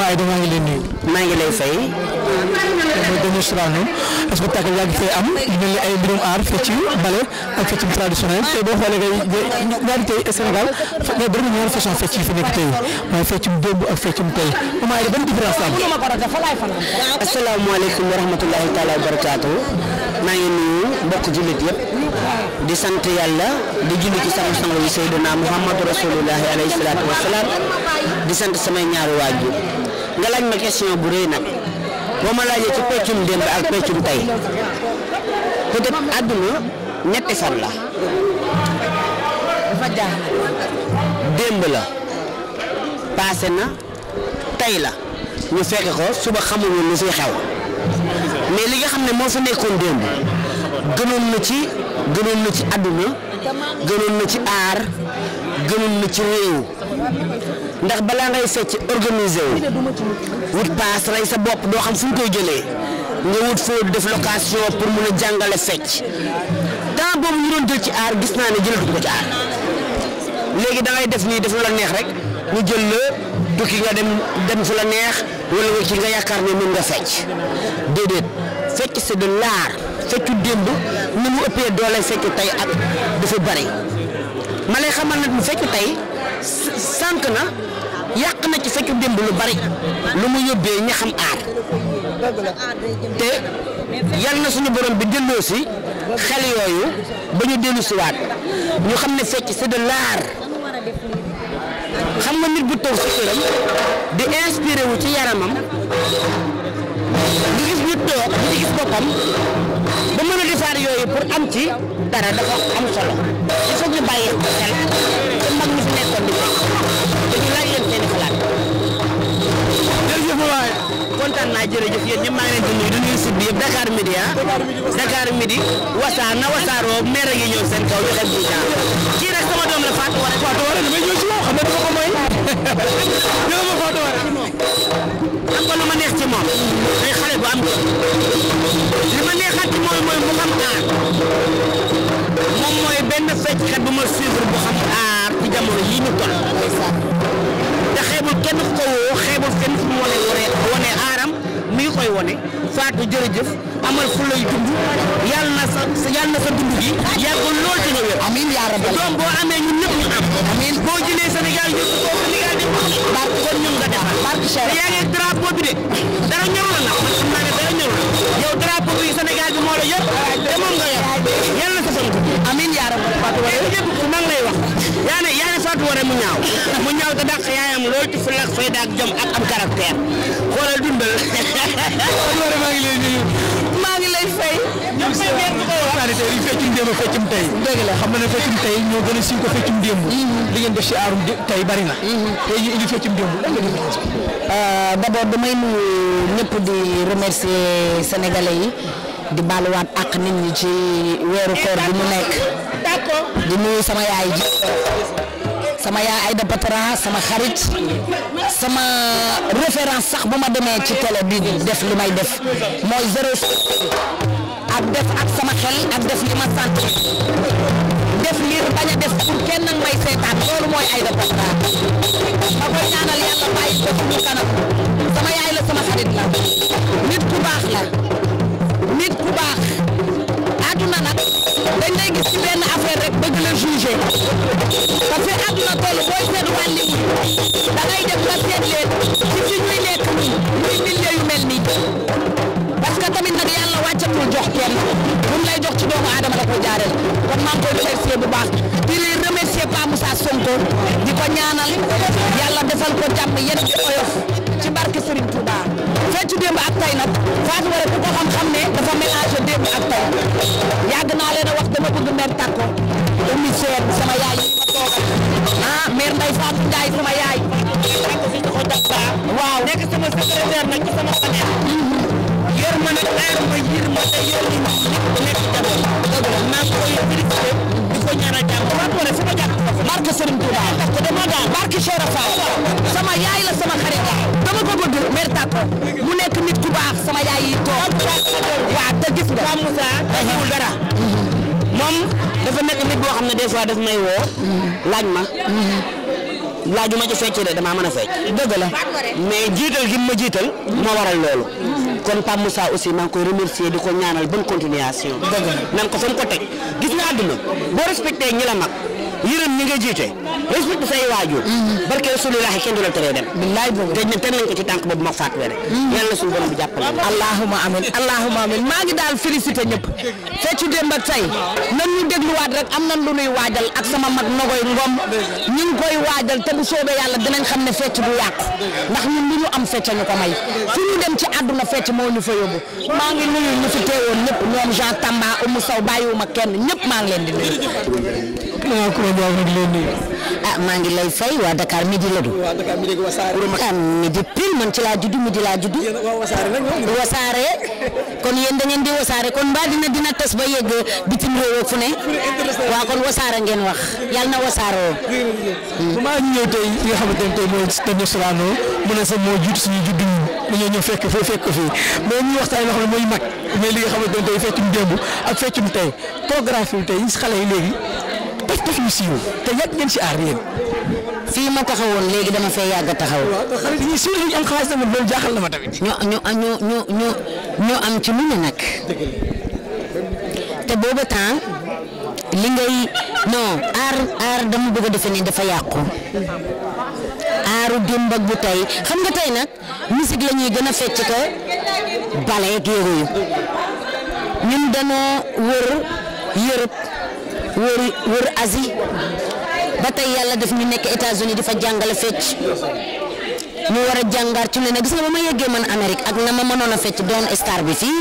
Soxna Aïda maa ngi leen nuyu. maa ngi lay fay. mooy Daniel Sorano spectacle yaa ngi fay am ñu mel ni ay mbirum aar fecc bale ak fecc traditionnel tey boo xoolee ngay ñaari tey Sénégal ngay bëri na ñaari façon fecc yi fi nekk tey mooy feccum démb ak feccum tey Soxna Aïda ban différence la am. asalaamaaleykum wa rahmatulahi taala wa barakaatu maa ngi nuyu mbokk jullit yëpp di sant yàlla di julli ci sama sang yi Seydina Muhammadu Rasulullahi alayhi salaatu wa salaam di sant samay ñaari waajur nga laaj ma question bu rëy nag boo ma laajee ci peccum démb ak peccum tey peut àdduna ñetti fan la. démb la passé na tey la ñu fekk ko suba xamuñu lu fiy xew mais li nga xam ne moo sa nekkoon démb gënoon na ci gënoon na ci àdduna gënoon na ci aar gënoon na ci réew. ndax balaa ngay fecc organisé wu wut paas rey sa bopp doo xam fu ñu koy jëlee nga wut foo def location pour mun a jàngale fecc temps boobu ñu doon jël ci aar gis naa ne jëlatu ko ci aar léegi da def nii def la neex rek ñu jël la tukki nga dem dem fu la neex wala nga nga yaakaar ne mën nga fecc déedéet fecc c'est de l'art feccu démb nu mu ëppee doole feccu tey ak dafa bari ma lay xamal nag mu feccu tey. sànq na yàq na ci feccu démb lu bari lu mu yóbbee ña aar te yal na suñu borom bi delloo si xel yooyu ba ñu dellu si waat ñu xam ne fecc c'est de l'art xam nga nit bu toog si këram di inspiré ci yaramam ñu gis ñu toog ñu gis boppam ba mën a defaar yooyu pour am ci dara dafa am solo il faut ñu bàyyi xel kontaan naa jërëjëf yéen ñëpp maa ngi leen di nuyu di bi yëpp Dakar midi ah. Dakar midi wasaar na wasaaroo meer yi ñëw seen kaw ñu xel bi daal kii rek sama doom la Fatou Waré. Fatou Waré damay ñëw ma neex ci moom. mooy mu xam aar. moom mooy benn fecckat bu ma suivre bu xam aar ci jamono yii ñu toll. te xeebul kenn ku xeebul kenn ku mu wane waree mi ngi koy wone Fatou jërëjëf amal fu lay dund yàlla na sa yàlla na sa dund gi yàggul lool ci nga wér. amiin yaa rabbal doom boo amee ñun ñëpp ñu am. amiin boo jëlee Sénégal ñu ko Sénégal di ko barke kon ñun nga defal. barke Cheikh te yaa ngi drapeau bi de dara ñorul la man xam naa ne dara ñorul yow drapeau bi Sénégal bi moo la yëpp te moom nga yor yàlla na sa sant. amiin yaa rabbal Fatou wala yëpp maa ngi lay wax. yaa ne yaa mu ñaaw mu ñaaw te dàq yaayam lool ci fulla ak fayda jom ak am caractère xoolal dundal. maa ngi lay nuyu. ñoom seen sanitaire yi feccum démb feccum tey. dëgg xam na ne feccum tey ñoo gën a siiw ko feccum démb. Mm-hmm. li ngeen def si aarum tey bari mm-hmm. démb lan nga différence bi. Euh, d'abord damay nuyu ñëpp di remercier sénégalais yi di baaluwaat ak nit ñi ci weeru koor bi mu nekk. d'accord di nuyu sama yaay ji sama yaay Aïda Patara sama xarit sama référence sax bu ma demee ci télé def li may def mooy zéro ak def ak sama xel ak def li ma sant def lii bañ a def pour kenn may seetaan loolu mooy Aïda Patara ma koy ñaanal yàlla bàyyi ko suñu kanam sama yaay la sama xarit la ku baax la nit ku baax dañ lay gis ci benn affaire rek bëgg la juger parce que at na toll booy seet wàllu da ngay def ba seet leen ci fi ñuy nekk nii muy mel nii parce tamit nag yàlla wàccatul jox kenn bu lay jox ci doomu aadama rek jaareel kon maa ngi koy remercier bu baax di lay remercier Pa Moussa Sonko di ko ñaanal yàlla defal ko jàmm yéen oyof ci barke Serigne Touba. rëccu démb ak tay nag Fatou Wara ku ko xam-xam ne dafa mélangé démb ak tay yàgg naa leen a wax dama bëgg mère Tako umi seen sama yaay yi ma toogal ah mère Ndeye Fatou Ndiaye sama yaay waaw nekk sama secrétaire nag ci sama panel yër ma nag aar ma yër ma te yër ma nit ku nekk jamono. dëgg la maa ngi koy félicité di ko ñaanal jàmm. waaw wane sama jàpp. barke Serigne Touba. parce que dama daal barke Cheikh Rafaal. sama yaay la sama xarit la. dama ko bëgg mer tàkko mu nekk nit ku baax sama yaay yi toog waaw te gis nga Pape Moussa dafawul mm-hmm. moom dafa nekk nit boo xam ne des fois daf may woo mm-hmm. laaj ma mm-hmm. laaju ma ci fecc de damaa mën a fecc dëgg la mais jiital gi ma jiital moo waral loolu kon Pape Moussa aussi maa ngi koy remercier di ko ñaanal bonne continuation nan ko fa mu ko teg gis nga àdduna boo respecté ñi la mag yërëm ñi nga jiite respecte say waajur barke rasulillah kenn du la tere dem billahi boobu te teg nañ ko ci tànk boobu ma faat were mm. yàlla suñu borom bi jàppale allahuma amin allahuma amin maa ngi daal félicité ñëpp feccu démb ak tey nan ñu dégluwaat rek am nan lu nuy waajal ak sama mag nogoy ngom ñu ngi koy waajal te bu soobee yàlla dinañ xam ne fecc du ndax ñun lu ñu am fecc ñu ko may fu ñu dem ci àdduna fecc moo ñu fa yóbbu maa ngi nuyu ñu fi teewoon ñëpp ñoom Jean Tamba Oumou Sow bàyyiwuma kenn ñëpp maa ngi leen di nuyu waaw Coura Ndiaye rek leen nuyu. ah maa ngi lay fay waa Dakar midi la du. waa Dakar midi ak wasaare. ah midi pile man ci laa juddu midi laa juddu. yéen waa wasaare nag kon yéen da ngeen di wasaare kon mbaa dina dina tas ba yegg bitim réew waa kon wasaare ngeen wax yàlla na wasaaroo. bu maa ñëw tey nga xamante ne tey mooy Tonton mu ne sax moo jiitu suñu juddu dañoo ñëw fekk foo fekk fii mais ñu waxtaan loo xam mag mais li nga xamante ne tey feccum démb ak feccum tey chorégraphie bi tey xale yi léegi def def te yàgg ngeen si aar yéen. fii ma taxawoon léegi dama fay yàgg a taxaw. xarit ñi siiw ñu am xaalis tamit loolu jaaxal na ma tamit. ñoo ñoo ñoo bëgg a defe dafa yàqu. aaru démb ak bu tey xam nga tey nag musique la ñuy gën a fecc ko bale ak yooyu ñun danoo wër Europe. wër wër Asie ba tey yàlla def ñu nekk États-Unis di jàngale fecc ñu war a jàngaar ci lu ne gis na ba ma yeggee man Amérique ak na ma mënoon a fecc doon star bi fii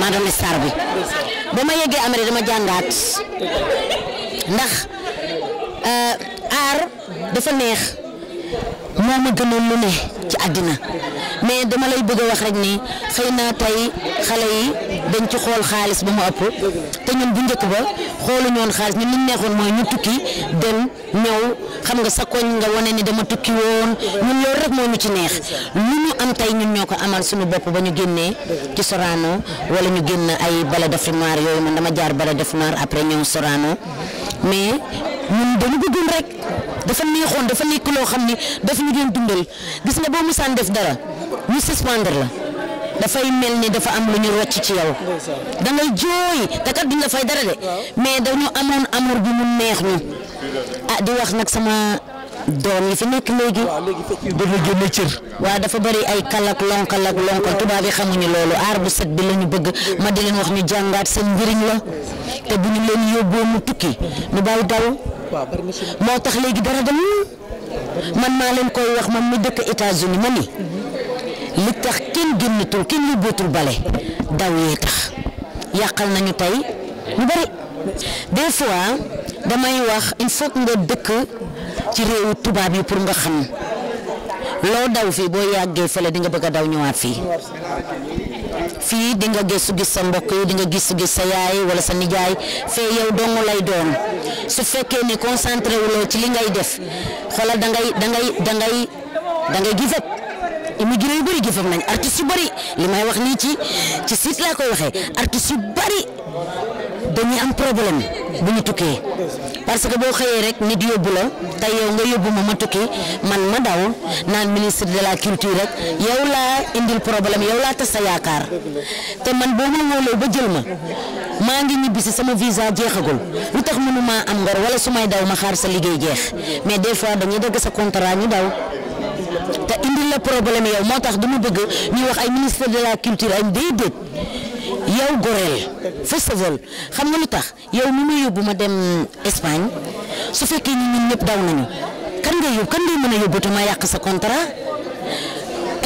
maa doon star bi ba ma yeggee Amérique dama jàngaat ndax euh, aar dafa neex moo ma gënoon lu ne ci àddina mais dama lay bëgg a wax rek nii xëy naa tey xale yi dañ ci xool xaalis ba mu ëpp te ñun bu njëkk ba xooluñu woon xaalis ñun li neexoon mooy ñu tukki dem ñëw xam nga sa koñ nga wane ni dama tukki woon ñun loolu rek moo ñu ci neex lu ñu am tey ñun ñoo ko amal suñu bopp ba ñu génnee ci Sorano wala ñu génn ay Balade d'Afrique noire yooyu man dama jaar bale d'Afrique noire après ñëw Sorano mais ñun dañu bëggoon rek dafa neexoon dafa nekk loo xam ni daf ñu doon dundal gis nga boo musaan def dara. ñu suspendre la dafay mel ni dafa am lu ñu rocc ci yow da ngay jooy te kat duñ la fay dara de mais dañu amoon amour bi mu neex ñu ah di wax nag sama doom yi fi nekk léegi. dafa génne cër. waaw dafa bëri ay kalak lonkal ak lonkal tubaab yi xamuñu loolu aar bu set bi la ñu bëgg ma di leen wax ñu jàngaat seen njëriñ la te bu ñu leen yóbboo mu tukki ñu bàyyi daw moo tax léegi dara dem man maa leen koy wax man mi dëkk États-Unis ma ni. li tax kenn génnatul kenn yóbbootul bale daw yee tax yàqal nañu tey ñu bari des fois damay wax il faut nga dëkk ci réewu tubaab yi pour nga xam loo daw fii boo yàggee fële di nga bëgg a daw ñëwaat fii fii di nga gëstu gis sa mbokk yi di nga gis gis sa yaay wala sa nijaay fee yow dong lay doon su fekkee ni concentré ci li ngay def xoolal da ngay da ngay da ngay immigré yu bëri gëfam nañ artistes yu bëri li may wax nii ci ci site laa koy waxee artistes yu bëri dañuy am problème bu ñu tukkee parce que boo xëyee rek nit yóbbu la tey yow nga yóbbu ma ma tukki man ma daw naan ministre de la culture rek yow laa indil problème yow laa tas sa yaakaar te man boo ma wóoloo ba jël ma maa ngi ñibbi si sama visa jeexagul lu tax mënuma am ngor wala su may daw ma xaar sa liggéey jeex mais des fois dañuy dagg sa contra ñu daw. la problème yow moo tax du bëgg ñuy wax ay ministère de la culture ay déedéet yow Gorel festival xam nga lu tax yow mi ma yóbbu ma dem Espagne su fekkee ñun ñun ñëpp daw nañu kan nga yóbbu kan ngay mën a yóbbu te ma yàq sa contrat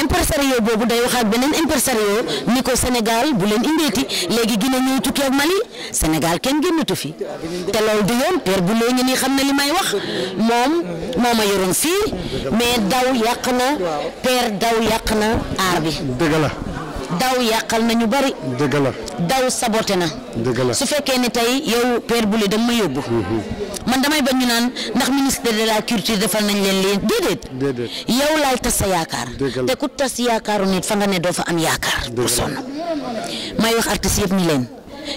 impresario boobu day wax ak beneen impresario ni ko Sénégal bu leen indeeti léegi Guinée ñëw tukki ak Mali Sénégal kenn génnatu fi te loolu du yoon Pierre Bouleye ñu ni xam na li may wax moom. moo ma yoroon fii mais daw yàq na père daw yàq na aar bi la daw yàqal na ñu bari dëgg la daw saboté na dëgg su fekkee ne tey yow père Boulé danga ma yóbbu mhm. man damay bañ ñu naan ndax ministre de la culture defal nañ leen lii déedéet yow laay tas sa yaakaar te ku tas yaakaaru nit fa nga ne doo fa am yaakaar bu sonn may wax artiste yëpp ni leen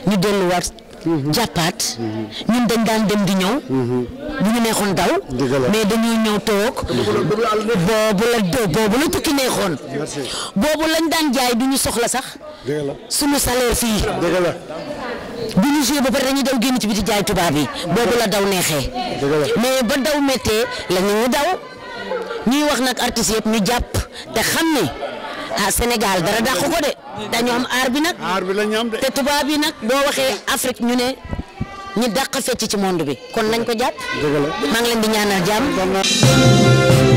ñu delluwaat mhm. jàppaat mhm. ñun dañ daan dem di ñëw bu ñu neexoon daw. mais dañuy ñëw toog. boobu la boobu la tukki neexoon. boobu lañ daan jaay du soxla sax. suñu salaire fii. bu ñu ba pare dañuy daw génn ci biti jaay tubaab yi boobu la daw neexee. mais ba daw méttee la ñu daw ñuy wax nag artistes yëpp ñu jàpp te xam ne a ah, Sénégal dara dàq ko de dañu am aar bi nag. ñu am de te tubaab yi nag boo waxee Afrique ñu ne. ñi dàq fecc ci monde bi kon nañ ko jàpp maa ngi leen di ñaanal jàmm